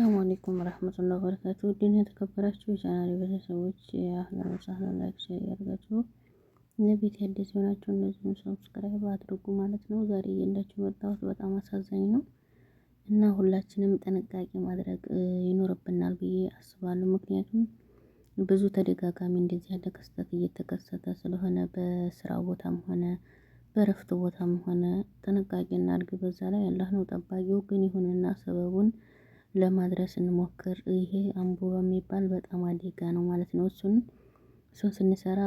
አሰላሙ አለይኩም ረህመቱላሂ ወበረካቱ። ውድና የተከበራችሁ የቻናል ቤተሰቦች አህላን ወሳህላን ላይክ ሼር ያድርጋችሁ። ለቤት አዲስ የሆናችሁ እነዚህን ሰብስክራይብ አድርጉ ማለት ነው። ዛሬ እየንዳችሁ መጣሁት በጣም አሳዛኝ ነው እና ሁላችንም ጥንቃቄ ማድረግ ይኖርብናል ብዬ አስባለሁ። ምክንያቱም ብዙ ተደጋጋሚ እንደዚህ ያለ ክስተት እየተከሰተ ስለሆነ በስራ ቦታም ሆነ በእረፍት ቦታም ሆነ ጥንቃቄ እናድርግ። በዛ ላይ አላህ ነው ጠባቂው። ግን ይሁንና ሰበቡን ለማድረስ እንሞክር። ይሄ አምቦ የሚባል በጣም አደጋ ነው ማለት ነው። እሱን እሱን ስንሰራ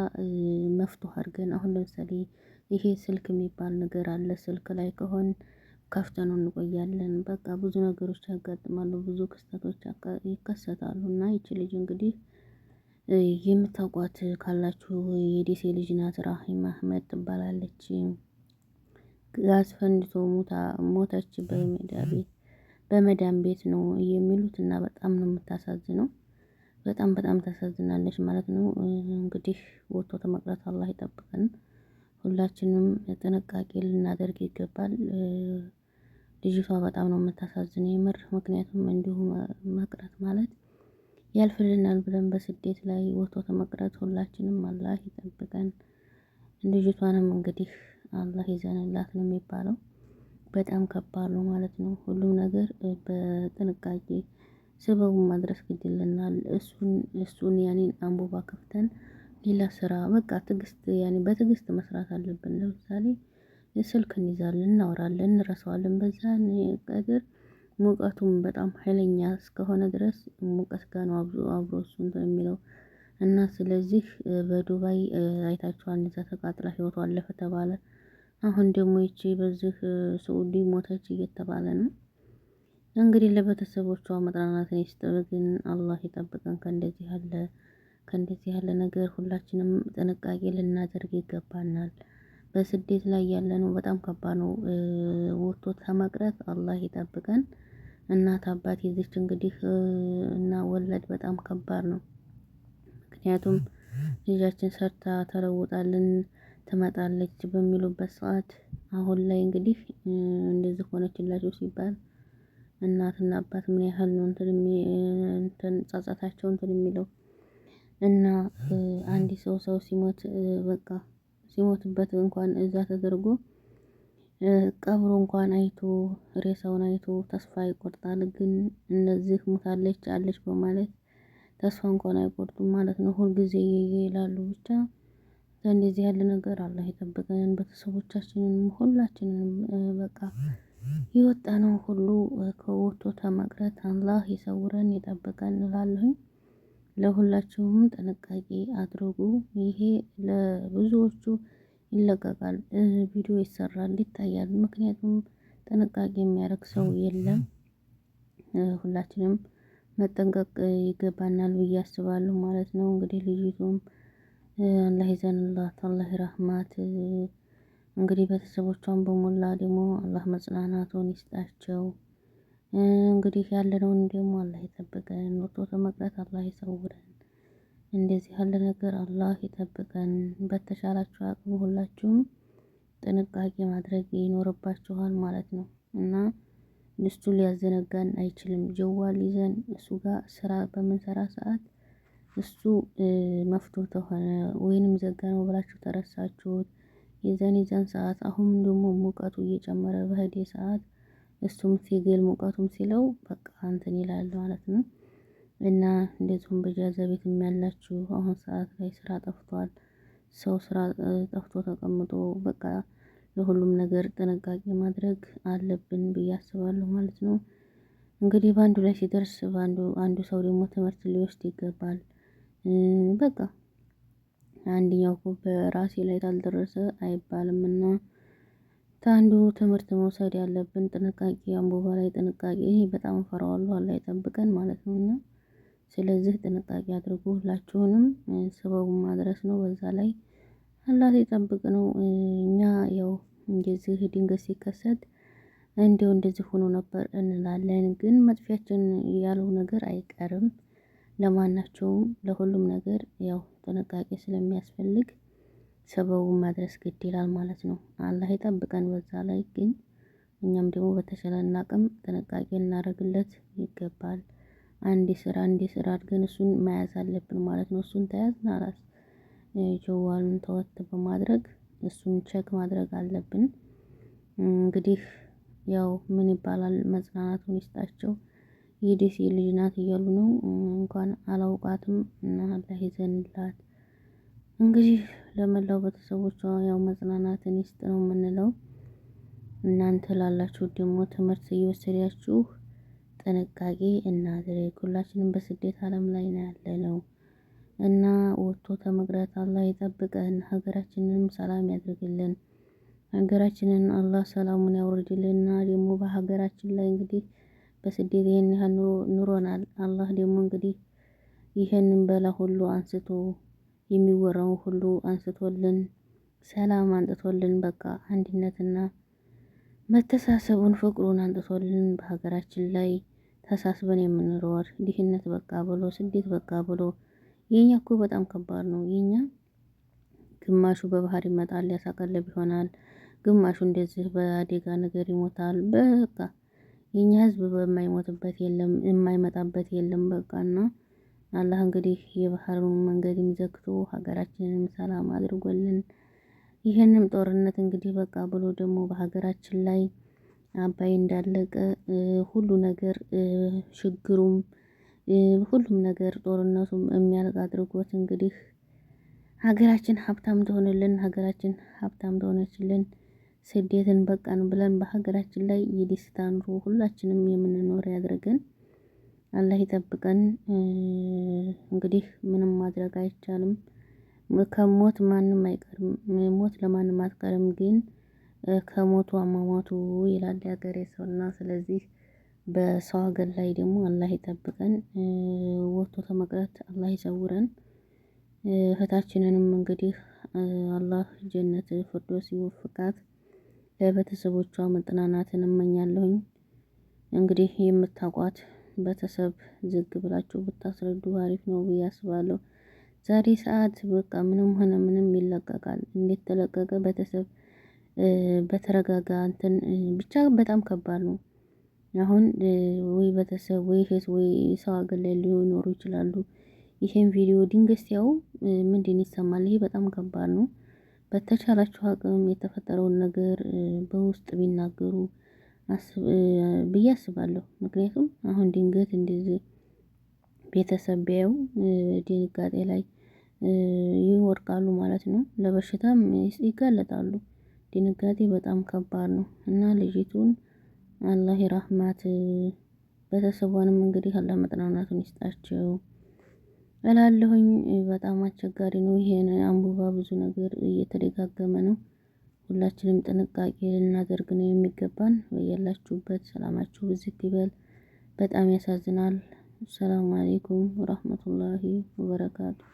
መፍቱህ አድርገን አሁን ለምሳሌ ይሄ ስልክ የሚባል ነገር አለ ስልክ ላይ ከሆን ከፍተነው እንቆያለን በቃ ብዙ ነገሮች ያጋጥማሉ ብዙ ክስተቶች ይከሰታሉ። እና ይቺ ልጅ እንግዲህ የምታውቋት ካላችሁ የደሴ ልጅ ናት ራሂማ አህመድ ትባላለች። ጋዝ ፈንድቶ ሞታ ሞተች በሜዳ ቤት በመዳን ቤት ነው የሚሉት እና በጣም ነው የምታሳዝነው። በጣም በጣም ታሳዝናለች ማለት ነው። እንግዲህ ወጥቶ ተመቅረት አላህ ይጠብቀን። ሁላችንም ጥንቃቄ ልናደርግ ይገባል። ልጅቷ በጣም ነው የምታሳዝን የምር ምክንያቱም እንዲሁ መቅረት ማለት ያልፍልናል ብለን በስደት ላይ ወጥቶ ተመቅረት ሁላችንም አላህ ይጠብቀን። ልጅቷንም እንግዲህ አላህ ይዘንላት ነው የሚባለው በጣም ከባድ ነው ማለት ነው። ሁሉም ነገር በጥንቃቄ ስበቡን ማድረስ ግድ ይለናል። እሱን እሱን ያኔን አንቦባ ከፍተን ሌላ ስራ በቃ ትግስት ያኔ በትግስት መስራት አለብን። ለምሳሌ የስልክ እንይዛለን እናወራለን እንረሳዋለን በዛን ቀድር ሙቀቱም በጣም ሀይለኛ እስከሆነ ድረስ ሙቀት ጋር ነው አብሮ እሱ እንትን የሚለው እና ስለዚህ በዱባይ አይታችኋል እዛ ተቃጥላ ህይወቷ አለፈ ተባለ አሁን ደግሞ ይቺ በዚህ ሰዑዲ ሞተች እየተባለ ነው። እንግዲህ ለቤተሰቦቿ መጽናናትን ይስጥብን፣ አላህ ይጠብቀን ከእንደዚህ ያለ ከእንደዚህ ያለ ነገር ሁላችንም ጥንቃቄ ልናደርግ ይገባናል። በስደት ላይ ነው፣ በጣም ከባድ ነው። ወጥቶ ከመቅረት አላህ ይጠብቀን። እናት አባት ይዘች እንግዲህ እና ወለድ በጣም ከባድ ነው። ምክንያቱም ልጃችን ሰርታ ተለውጣልን ትመጣለች በሚሉበት ሰዓት አሁን ላይ እንግዲህ እንደዚህ ሆነችላቸው ሲባል እናትና አባት ምን ያህል ነው እንትን እንትን ጸጸታቸው እንትን የሚለው እና አንድ ሰው ሰው ሲሞት በቃ ሲሞትበት እንኳን እዛ ተደርጎ ቀብሮ እንኳን አይቶ ሬሳውን አይቶ ተስፋ ይቆርጣል። ግን እንደዚህ ሙታለች አለች በማለት ተስፋ እንኳን አይቆርጡም ማለት ነው። ሁልጊዜ እየየ ይላሉ ብቻ እንደዚህ ያለ ነገር አላህ ይጠብቀን። ቤተሰቦቻችንንም ሁላችንን በቃ የወጣነው ሁሉ ከወቶ ተመቅረት አላህ ይሰውረን ይጠብቀን እላለሁኝ። ለሁላችሁም ጥንቃቄ አድርጉ። ይሄ ለብዙዎቹ ይለቀቃል፣ ቪዲዮ ይሰራል፣ ይታያል። ምክንያቱም ጥንቃቄ የሚያደርግ ሰው የለም። ሁላችንም መጠንቀቅ ይገባናል ብዬ አስባለሁ ማለት ነው። እንግዲህ ልጅቱም አላህ ይዘንላት አላህ ይራህማት። እንግዲህ ቤተሰቦቿን በሞላ ደግሞ አላህ መጽናናቱን ይስጣቸው። እንግዲህ ያለነውን ደግሞ አላህ ይጠብቀን፣ ወጥቶ ከመቅረት አላህ ይሰውረን። እንደዚህ ያለ ነገር አላህ ይጠብቀን። በተሻላችሁ አቅም ሁላችሁም ጥንቃቄ ማድረግ ይኖርባችኋል ማለት ነው እና ልስቱ ሊያዘነጋን አይችልም። ጀዋል ይዘን እሱ ጋር ስራ በምንሰራ ሰዓት እሱ መፍቶ ተሆነ ወይንም ዘጋነው ብላችሁ ተረሳችሁት። የዛን የዛን ሰዓት አሁን ደግሞ ሙቀቱ እየጨመረ በህዴ ሰዓት እሱም ሲግል ሙቀቱም ሲለው በቃ እንትን ይላል ማለት ነው። እና እንደዚሁም በጃዘ ቤት የሚያላችሁ አሁን ሰዓት ላይ ስራ ጠፍቷል። ሰው ስራ ጠፍቶ ተቀምጦ በቃ ለሁሉም ነገር ጥንቃቄ ማድረግ አለብን ብዬ አስባለሁ ማለት ነው። እንግዲህ በአንዱ ላይ ሲደርስ በአንዱ አንዱ ሰው ደግሞ ትምህርት ሊወስድ ይገባል በቃ አንደኛው ኮ በራሴ ላይ አይባልም አይባልምና ታንዱ ትምህርት መውሰድ ያለብን ጥንቃቄ አንቦባ ላይ ጥንቃቄ ይሄ በጣም ፈራዋሉ አላ ይጠብቀን ማለት ነው። እና ስለዚህ ጥንቃቄ አድርጉ ሁላችሁንም ስበቡ ማድረስ ነው። በዛ ላይ አላህ ይጠብቅ ነው። እኛ ያው እንደዚህ ድንገት ሲከሰት እንዲው እንደዚህ ሆኖ ነበር እንላለን፣ ግን መጥፊያችን ያለው ነገር አይቀርም። ለማናቸውም ለሁሉም ነገር ያው ጥንቃቄ ስለሚያስፈልግ ሰበቡን ማድረስ ግድ ይላል ማለት ነው። አላህ ይጠብቀን። በዛ ላይ ግን እኛም ደግሞ በተቻለን አቅም ጥንቃቄ እናደርግለት ይገባል። አንዴ ስራ አንዴ ስራ አድርገን እሱን መያዝ አለብን ማለት ነው። እሱን ተያዝን አላስ ጀዋሉን ተወት በማድረግ እሱን ቸክ ማድረግ አለብን። እንግዲህ ያው ምን ይባላል መጽናናቱን ይስጣቸው የደሴ ልጅ ናት እያሉ ነው። እንኳን አላውቃትም እና አላህ ይዘንላት። እንግዲህ ለመላው ቤተሰቦቿ ያው መጽናናትን ይስጥ ነው የምንለው። እናንተ ላላችሁ ደግሞ ትምህርት እየወሰዳችሁ ጥንቃቄ እናድርግ። ሁላችንም በስደት ዓለም ላይ ነው ያለነው እና ወጥቶ ከመቅረት አላህ ይጠብቀን። ሀገራችንንም ሰላም ያድርግልን። ሀገራችንን አላህ ሰላሙን እና ደግሞ በሀገራችን ላይ እንግዲህ በስደት ይህን ያህል ኑሮናል። አላህ ደግሞ እንግዲህ ይህንን በላ ሁሉ አንስቶ የሚወራውን ሁሉ አንስቶልን ሰላም አንጥቶልን በቃ አንድነትና መተሳሰቡን ፍቅሩን አንጥቶልን በሀገራችን ላይ ተሳስበን የምንኖር ድህነት በቃ ብሎ ስደት በቃ ብሎ የኛ እኮ በጣም ከባድ ነው። የኛ ግማሹ በባህር ይመጣል ያሳቀለብ ይሆናል፣ ግማሹ እንደዚህ በአደጋ ነገር ይሞታል። በቃ የኛ ህዝብ በማይሞትበት የለም የማይመጣበት የለም። በቃና አላህ እንግዲህ የባህሩን መንገድ ዘግቶ ሀገራችንን ሰላም አድርጎልን ይህንም ጦርነት እንግዲህ በቃ ብሎ ደግሞ በሀገራችን ላይ አባይ እንዳለቀ ሁሉ ነገር ችግሩም ሁሉም ነገር ጦርነቱም የሚያልቅ አድርጎት እንግዲህ ሀገራችን ሀብታም እንደሆነልን ሀገራችን ሀብታም እንደሆነችልን ስደትን በቃን ብለን በሀገራችን ላይ የደስታ ኑሮ ሁላችንም የምንኖር ያድርገን። አላህ ይጠብቀን። እንግዲህ ምንም ማድረግ አይቻልም። ከሞት ማንም አይቀርም። ሞት ለማንም አትቀርም። ግን ከሞቱ አሟሟቱ ይላል የሀገሬ ሰውና፣ ስለዚህ በሰው ሀገር ላይ ደግሞ አላህ ይጠብቀን፣ ወጥቶ ከመቅረት አላህ ይሰውረን። እህታችንንም እንግዲህ አላህ ጀነት ፍርዶስ ይወፍቃት። ለቤተሰቦቿ መጠናናትን እመኛለሁኝ። እንግዲህ የምታውቋት ቤተሰብ ዝግ ብላችሁ ብታስረዱ አሪፍ ነው ብዬ አስባለሁ። ዛሬ ሰዓት በቃ ምንም ሆነ ምንም ይለቀቃል እንዴት ተለቀቀ? ቤተሰብ በተረጋጋ እንትን ብቻ በጣም ከባድ ነው። አሁን ወይ ቤተሰብ ወይ እህት ወይ ሰው ሀገር ላይ ሊኖሩ ይችላሉ። ይሄን ቪዲዮ ድንገት ሲያዩ ምንድን ይሰማል? ይሄ በጣም ከባድ ነው በተቻላችሁ አቅም የተፈጠረውን ነገር በውስጥ ቢናገሩ ብዬ አስባለሁ። ምክንያቱም አሁን ድንገት እንደዚህ ቤተሰብ ቢያዩ ድንጋጤ ላይ ይወድቃሉ ማለት ነው። ለበሽታም ይጋለጣሉ። ድንጋጤ በጣም ከባድ ነው እና ልጅቱን አላህ ይራህማት። ቤተሰቧንም እንግዲህ አላህ መጽናናቱን ይስጣቸው እላለሁኝ በጣም አስቸጋሪ ነው። ይሄን አንቡባ ብዙ ነገር እየተደጋገመ ነው። ሁላችንም ጥንቃቄ ልናደርግ ነው የሚገባን። በያላችሁበት ሰላማችሁ ብዝት ይበል። በጣም ያሳዝናል። ሰላም አሌይኩም ወራህመቱላሂ ወበረካቱሁ።